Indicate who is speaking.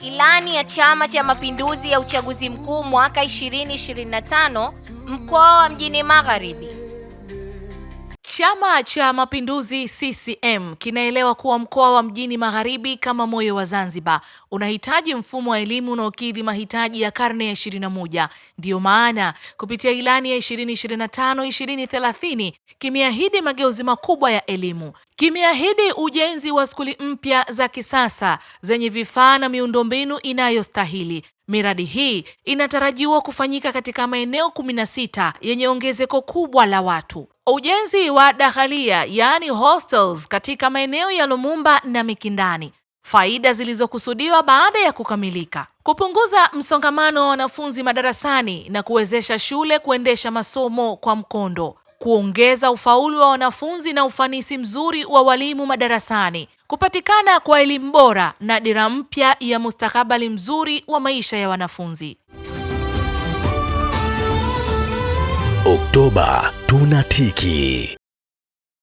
Speaker 1: Ilani ya Chama cha Mapinduzi ya uchaguzi mkuu mwaka 2025 mkoa wa Mjini Magharibi.
Speaker 2: Chama cha Mapinduzi CCM kinaelewa kuwa mkoa wa Mjini Magharibi kama moyo wa Zanzibar unahitaji mfumo wa elimu unaokidhi mahitaji ya karne ya 21. Ndiyo maana kupitia ilani ya 2025-2030 kimeahidi mageuzi makubwa ya elimu kimeahidi ujenzi wa skuli mpya za kisasa zenye vifaa na miundombinu inayostahili. Miradi hii inatarajiwa kufanyika katika maeneo kumi na sita yenye ongezeko kubwa la watu. Ujenzi wa dahalia yaani hostels, katika maeneo ya Lumumba na Mikindani. Faida zilizokusudiwa baada ya kukamilika: kupunguza msongamano wa wanafunzi madarasani na kuwezesha shule kuendesha masomo kwa mkondo kuongeza ufaulu wa wanafunzi na ufanisi mzuri wa walimu madarasani, kupatikana kwa elimu bora na dira mpya ya mustakabali mzuri wa maisha ya wanafunzi. Oktoba tunatiki.